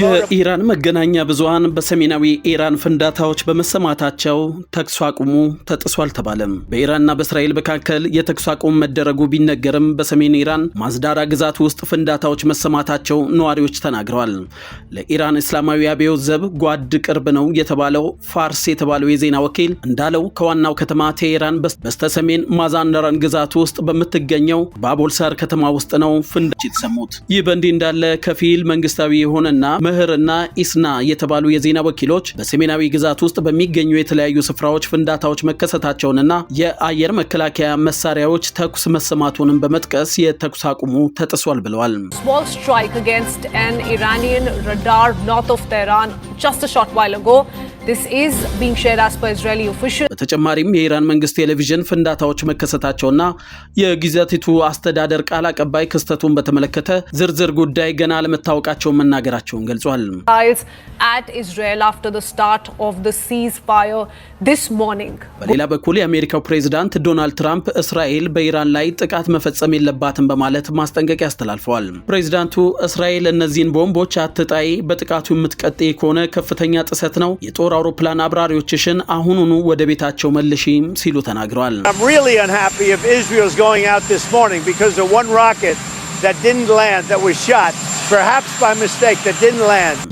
የኢራን መገናኛ ብዙሃን በሰሜናዊ ኢራን ፍንዳታዎች በመሰማታቸው ተኩስ አቁሙ ተጥሶ አልተባለም። በኢራንና በእስራኤል መካከል የተኩስ አቁም መደረጉ ቢነገርም በሰሜን ኢራን ማዝዳራ ግዛት ውስጥ ፍንዳታዎች መሰማታቸው ነዋሪዎች ተናግረዋል። ለኢራን እስላማዊ አብዮት ዘብ ጓድ ቅርብ ነው የተባለው ፋርስ የተባለው የዜና ወኪል እንዳለው ከዋናው ከተማ ቴሄራን በስተሰሜን ማዛንዳራን ግዛት ውስጥ በምትገኘው ባቦልሳር ከተማ ውስጥ ነው ፍንዳች የተሰሙት። ይህ በእንዲህ እንዳለ ከፊል መንግስታዊ የሆነና ምህርና ኢስና የተባሉ የዜና ወኪሎች በሰሜናዊ ግዛት ውስጥ በሚገኙ የተለያዩ ስፍራዎች ፍንዳታዎች መከሰታቸውንና የአየር መከላከያ መሳሪያዎች ተኩስ መሰማቱንም በመጥቀስ የተኩስ አቁሙ ተጥሷል ብለዋል። ስትራይክ አገንስት አን ኢራኒያን ራዳር ኖርዝ ኦፍ ቴህራን ጀስት ሾርት ዋይል አጎ በተጨማሪም የኢራን መንግስት ቴሌቪዥን ፍንዳታዎች መከሰታቸውና የጊዜቲቱ አስተዳደር ቃል አቀባይ ክስተቱን በተመለከተ ዝርዝር ጉዳይ ገና አለመታወቃቸውን መናገራቸውን ገልጿል። በሌላ በኩል የአሜሪካው ፕሬዚዳንት ዶናልድ ትራምፕ እስራኤል በኢራን ላይ ጥቃት መፈጸም የለባትም በማለት ማስጠንቀቂያ አስተላልፈዋል። ፕሬዚዳንቱ እስራኤል እነዚህን ቦምቦች አትጣይ፣ በጥቃቱ የምትቀጥ ከሆነ ከፍተኛ ጥሰት ነው የጦር አውሮፕላን አብራሪዎችሽን አሁኑኑ ወደ ቤታቸው መልሺም ሲሉ ተናግረዋል።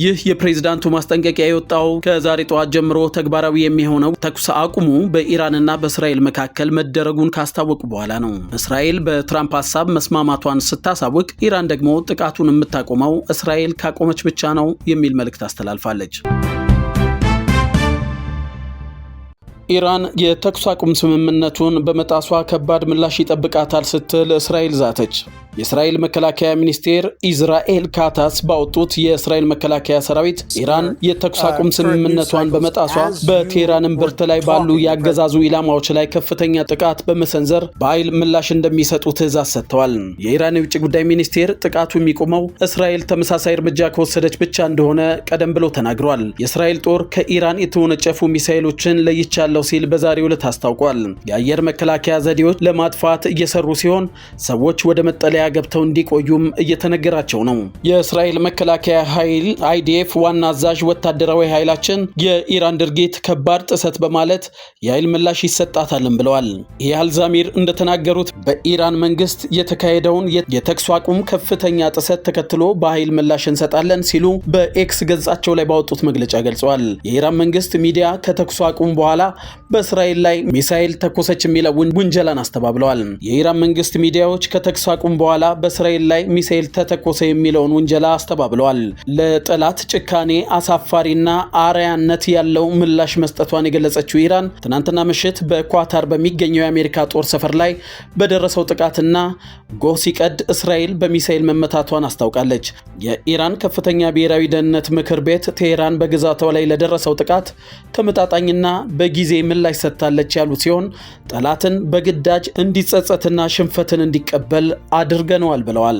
ይህ የፕሬዝዳንቱ ማስጠንቀቂያ የወጣው ከዛሬ ጠዋት ጀምሮ ተግባራዊ የሚሆነው ተኩስ አቁሙ በኢራንና በእስራኤል መካከል መደረጉን ካስታወቁ በኋላ ነው። እስራኤል በትራምፕ ሀሳብ መስማማቷን ስታሳውቅ፣ ኢራን ደግሞ ጥቃቱን የምታቆመው እስራኤል ካቆመች ብቻ ነው የሚል መልእክት አስተላልፋለች። ኢራን የተኩስ አቁም ስምምነቱን በመጣሷ ከባድ ምላሽ ይጠብቃታል ስትል እስራኤል ዛተች። የእስራኤል መከላከያ ሚኒስቴር ኢዝራኤል ካታስ ባወጡት የእስራኤል መከላከያ ሰራዊት ኢራን የተኩስ አቁም ስምምነቷን በመጣሷ በቴህራን እምብርት ላይ ባሉ የአገዛዙ ኢላማዎች ላይ ከፍተኛ ጥቃት በመሰንዘር በኃይል ምላሽ እንደሚሰጡ ትዕዛዝ ሰጥተዋል። የኢራን የውጭ ጉዳይ ሚኒስቴር ጥቃቱ የሚቆመው እስራኤል ተመሳሳይ እርምጃ ከወሰደች ብቻ እንደሆነ ቀደም ብሎ ተናግሯል። የእስራኤል ጦር ከኢራን የተወነጨፉ ሚሳይሎችን ለይቻለው ሲል በዛሬው ዕለት አስታውቋል። የአየር መከላከያ ዘዴዎች ለማጥፋት እየሰሩ ሲሆን ሰዎች ወደ መጠለያ መጠለያ ገብተው እንዲቆዩም እየተነገራቸው ነው። የእስራኤል መከላከያ ኃይል አይዲኤፍ ዋና አዛዥ ወታደራዊ ኃይላችን የኢራን ድርጊት ከባድ ጥሰት በማለት የኃይል ምላሽ ይሰጣታልም ብለዋል። ይህ እንደተናገሩት በኢራን መንግስት የተካሄደውን የተኩስ አቁም ከፍተኛ ጥሰት ተከትሎ በኃይል ምላሽ እንሰጣለን ሲሉ በኤክስ ገጻቸው ላይ ባወጡት መግለጫ ገልጸዋል። የኢራን መንግስት ሚዲያ ከተኩስ አቁም በኋላ በእስራኤል ላይ ሚሳኤል ተኮሰች የሚለው ውንጀላን አስተባብለዋል። የኢራን መንግስት ሚዲያዎች ከተኩስ አቁም በኋላ በኋላ በእስራኤል ላይ ሚሳኤል ተተኮሰ የሚለውን ውንጀላ አስተባብለዋል። ለጠላት ጭካኔ አሳፋሪና አርያነት ያለው ምላሽ መስጠቷን የገለጸችው ኢራን ትናንትና ምሽት በኳታር በሚገኘው የአሜሪካ ጦር ሰፈር ላይ በደረሰው ጥቃትና ጎህ ሲቀድ እስራኤል በሚሳኤል መመታቷን አስታውቃለች። የኢራን ከፍተኛ ብሔራዊ ደህንነት ምክር ቤት ቴሄራን በግዛቷ ላይ ለደረሰው ጥቃት ተመጣጣኝና በጊዜ ምላሽ ሰጥታለች ያሉ ሲሆን ጠላትን በግዳጅ እንዲጸጸትና ሽንፈትን እንዲቀበል አድርጓል አድርገነዋል ብለዋል።